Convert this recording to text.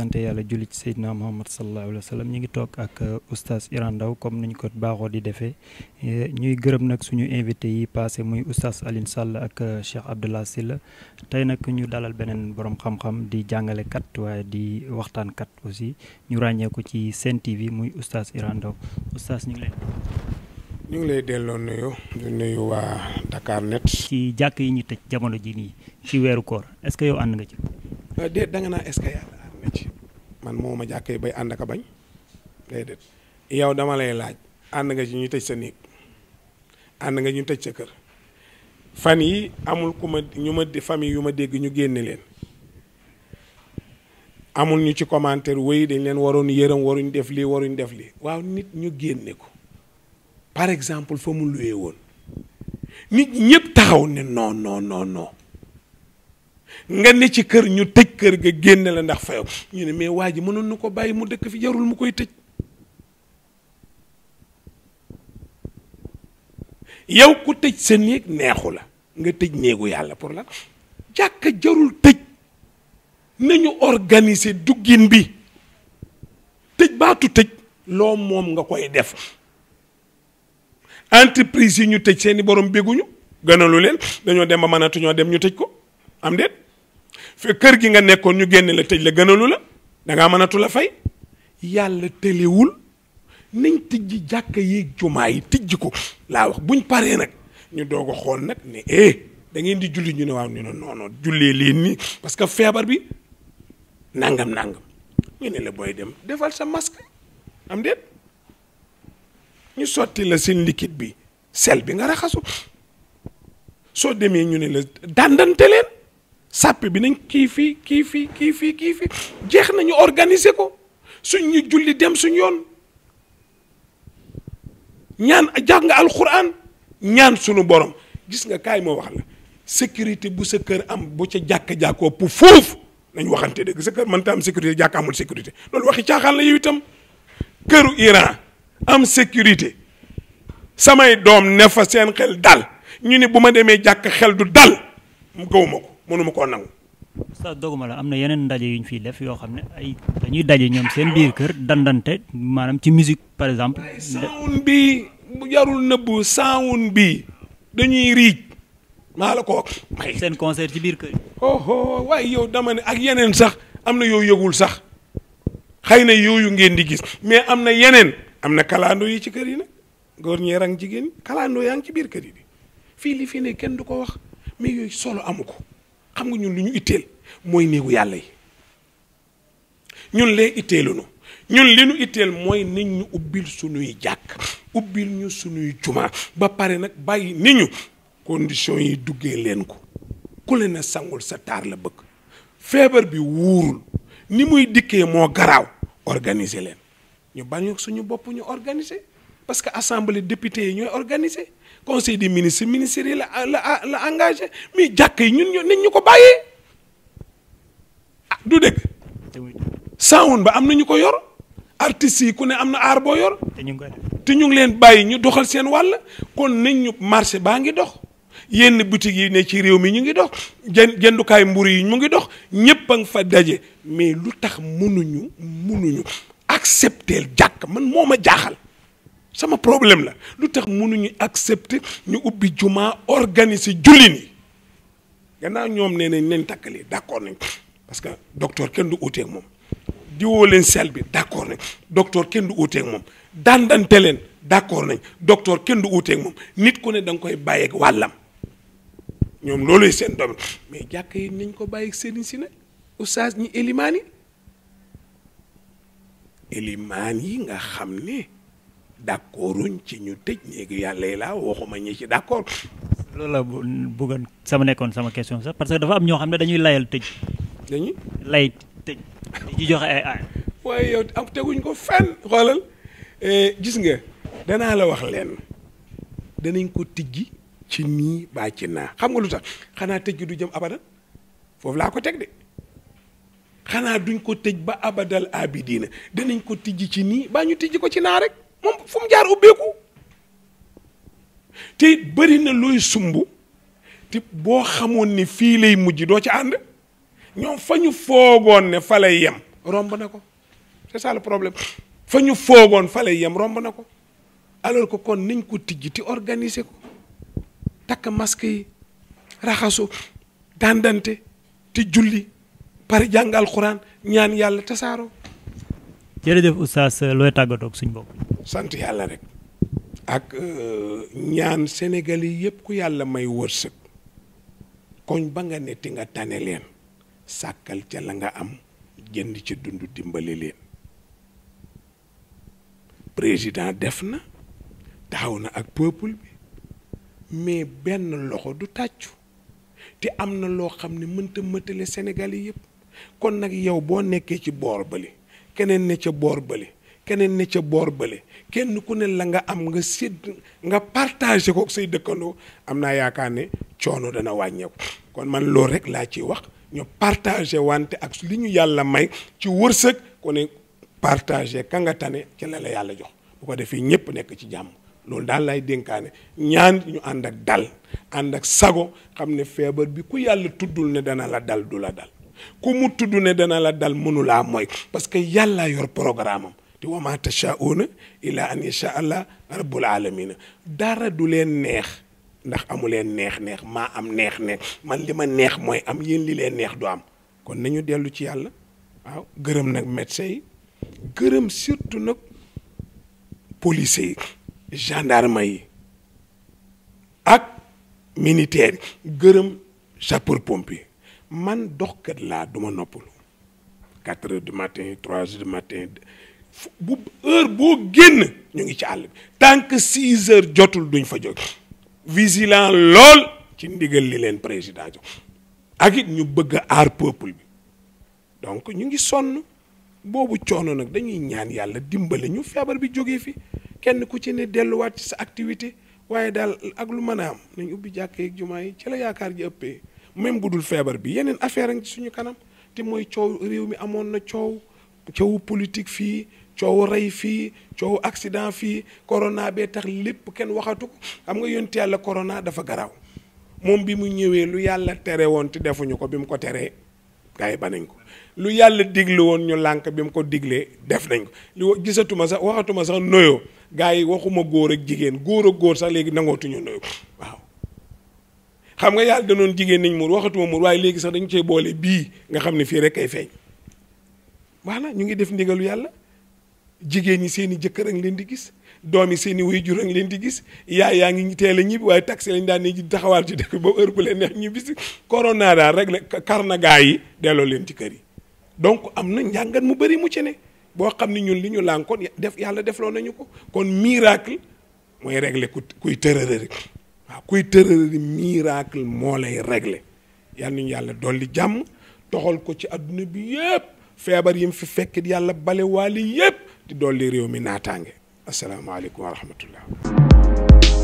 sant yàlla julli ci Muhammad sallallahu alayhi wa ñu ngi toog ak euh, oustaz Iran Ndao comme niñ ko baaxoo di defee euh, ñuy gërëm nag suñu invité yi passé muy oustaz Alioune Sall ak euh, Cheikh Abdallah Sylla tey nag ñu dalal beneen borom xam-xam di jàngalekat waaye di waxtaankat aussi ñu ràññeeku ci Sen TV muy oustaz Iran Ndao oustaz ñu ngi leen lay delloo nuyu di nuyu waa Dakar Net. ci jàkk yi ñu tëj jamono ji nii ci weeru koor est-ce yow ànd nga ci. na ci man moo ma jàkkee bay ànd ak a bañ déedéet yow dama lay laaj ànd nga ci ñu tëj sa néeg ànd nga ñu tëj sa kër fan yi amul ku ma ñu ma famille yu ma dégg ñu génne leen amul ñu ci commentaire wéy dañ leen waroon yërëm waruñ def lii waruñ def lii waaw nit ñu génne ko par exemple fa mu luwee woon nit ñëpp taxaw ne non non non nga ne ci kër ñu tëj kër ga génne la ndax fayo ñu ne mais waa ji mënoon na ko bàyyi mu dëkk fi jarul mu koy tëj yow ku tëj sa néeg neexu la nga tëj néegu yàlla pour la jàkka jarul tëj nañu organiser duggin bi tëj baatu tëj loo moom nga koy def entreprise yi ñu tëj seeni borom bégguñu gënalu leen dañoo dem ba mënatuñoo dem ñu tëj ko am déet fi kër gi nga nekkoon ñu génne la tëj la gënalu la da ngaa mënatu la fay yàlla tëlewul nañ tijji jàkka yi jumaa yi tijji ko laa wax buñ paree nag ñu doog a xool nag ne eh da di julli ñu ne waaw ñu ne non non jullee leen nii parce que feebar bi nangam nangam ñu ne la booy dem defal sa masque am déet ñu sotti la seen liquide bi sel bi nga raxasu soo demee ñu ne la dàndante leen. sàppe bi nañ kii fii kii fii kii fii kii fii jeex nañu organiser ko suñ ñu julli dem suñ yoon ñaan jàng nga alxuraan ñaan sunu borom gis nga kaay moo wax la sécurité bu sa kër am bu ca jàkk-jàkkoo pour foofu nañ waxante dëgg sa kër mën am sécurité jàkk amul sécurité loolu waxi caaxaan la yow itam këru Iran am sécurité samay doom ne fa seen xel dal ñu ne bu ma demee jàkk xel du dal mu gawuma ko mënu ma koo nangu. oustaz doguma la am na yeneen ndaje yu ñu fiy def yoo xam ne ay dañuy daje ñoom seen biir kër dandante maanaam ci musique par exemple. saawun bi bu jarul nëbbu saawun bi dañuy riij maa la ko seen concert ci biir kër oh, oh, oh waaye yow dama ne ak yeneen sax am na yow yëgul sax xëy na yooyu ngeen di gis mais am na yeneen am na kalaando yi ci kër yi nag góor ñee rang jigéen ñi yaa ngi ci biir kër fii li fii ne kenn du ko wax mais solo amu ko. xam nga ñun lu ñu itteel mooy néegu yàlla yi ñun lee itteelunu ñun li ñu itteel mooy nit ñu ubbil suñuy jàkk ubbil ñu suñuy jumaa ba pare nag bàyyi nit ñu condition yi duggee leen ko ku leen sangul sa taar la bëgg feebar bi wuurul ni muy dikkee moo garaaw organiser leen ñu bañ suñu bopp ñu organise parce que assemblée député yi ñooy organiser conseil des ministre ministères yi la la la engagé mais jàkk yi ñun nañ ñu ko bàyyee ah du dëgg saawun ba am na ñu ko yor artistes yi ku ne am na aar boo yor te ñu ngi leen bàyyi ñu doxal seen wàll kon nañ ñu marché baa ngi dox yenn boutique yi ne ci réew mi ñu ngi dox jën jëndukaay mburu yi mu ngi dox ñëpp a nga fa daje mais lu tax mënuñu mënuñu accepter jàkk man moom a jaaxal sama problème la lu tax mënuñu accepter ñu ubbi jumaa organiser julli ni gannaaw ñoom nee nañ nañ takkalee d' accord nañ parce que docteur kenn du uuteeg moom diwoo sel bi d' accord docteur kenn du uuteeg moom dandante leen d' accord nañ docteur kenn du uuteeg moom nit ku ne da nga koy bàyyeeg wàllam ñoom looluy seen doom mais jàkk yi nañ ko bàyyeeg sëriñ si ne oustaz ñi élimaan yi élimaan yi nga xam ne d'accorduñ ci ñu tëj néegi yàlla yi laa waxuma ñi ci d'accord. loolu la bëggoon sama nekkoon sama question sax parce que dafa am ñoo xam ne dañuy layal tëj. dañuy lay tëj di joxe ay ay. waaye yow teguñ ko fenn xoolal eh, gis nga danaa la wax leen danañ ko tijji ci nii baa ci naa lu xanaa tëj du jëm abadan foofu laa ko teg xanaa duñ ko tëj ba abadal abidina danañ ko tijji ci nii baa ñu tijji ko ci naa rek. moom fu mu jaar ubbeeku te bari na looy sumb te boo xamoon ni fii lay mujj doo ci ànd ñoom fa ñu foogoon ne fa yem romb na ko c'est ça problème fa ñu foogoon fale yem romb na ko alors ko kon nañ ko tijj ti organise ko takk masque yi raxasu dàndante ti julli pare jàng alxuraan ñaan yàlla tasaaroo. jërëjëf oustaz looy tàggatoo ak suñ bopp. sant yàlla rek ak euh, ñaan Sénégal yi yëpp ku yàlla may wërsëg koñ ba nga ne ti nga tane leen sàkkal ca la nga am jënd ca dund dimbali leen président def na taxaw na ak peuple bi mais benn loxo du tàccu te am na loo xam ne mënta mëtale Sénégal yi yëpp kon nag yow boo nekkee ci boor bële keneen ne ca boor bële keneen ne ca boor bële kenn ku ne la nga am nga sédd nga partagé ko say dëkkandoo am naa yaakaar ne coono dana wàññeeku kon man loolu rek laa ci wax ñu partagé wante ak li ñu yàlla may ci wërsëg ku ne partagé ka nga tane ci la yàlla jox bu ko defee ñëpp nekk ci jàmm loolu daal lay dénkaane ñaan ñu ànd ak dal ànd ak sago xam ne feebar bi ku yàlla tuddul ne dana la dal du la dal ku mu tudd ne dana la dal mënulaa mooy parce que yàlla yor programme am te wa ma tashauna illa an yasha allah rabbul alamina dara du leen neex ndax amu leen neex neex maa am neex neex man li ma neex mooy am yéen li leen neex du am kon nañu dellu ci yàlla waaw gërëm nag médecin yi gërëm surtout nag policiers yi gendarme yi ak militaire gërëm sapeur pompier man doxkat laa duma ma noppalu quatre heures du matin trois du matin bu heure boo génn ñu ngi ci àll bi tant que six heures jotul duñ fa jóg vigilant lool ci ndigal li leen président jox ak it ñu bëgg aar peuple bi donc ñu ngi sonn boobu coono nag dañuy ñaan yàlla dimbale ñu feebar bi jógee fi kenn ku ci ne delluwaat ci sa activité waaye daal ak lu mën a am nañ ubbi jàkkee ak jumaa yi ci la yaakaar ji ëppee même bu dul feebar bi yeneen affaire a ci suñu kanam te mooy coow réew mi amoon na coow coowu politique fii coowu rey fii coow accident fii corona bee tax lépp kenn waxatu ko xam nga yonent yàlla corona dafa garaaw moom bi mu ñëwee lu yàlla tere woon te defuñu ko bi mu ko teree gars yi banañ ko lu yàlla digle woon ñu lànk bi mu ko diglee def nañ ko li gisatuma sax waxatuma sax noyoo gars yi waxuma góor ak jigéen góor ak góor sax léegi nangootuñu noyoo waaw xam nga yàlla danoon jigéen nañ muur waxatuma muur waaye léegi sax dañu cee boole bii nga xam ne fii rek kay feeñ wax na ñu ngi def ndigalu yàlla jigéen ñi seeni i jëkkër a leen di gis doom yi seeni i waajur a leen di gis yaay yaa ngi teel a ñibbi waaye taxi lañ daan ne di taxawaal ci dëkk ba heure bu leen neex ñibbi si corona daal rek la kar na gaa yi delloo leen ci kër yi donc am na njàngat mu bari mu ci ne boo xam ne ñun li ñu lànkoon def yàlla defloo nañu ko kon miracle mooy régler ku kuy tërërëri waaw kuy tërërëri miracle moo lay régler yàlla nañu yàlla dolli jàmm toxal ko ci àdduna bi yëpp feebar yi mu fi fekk yàlla balewaale yëpp di dolli réew mi naataange asalaamaaleykum wa rahmatullah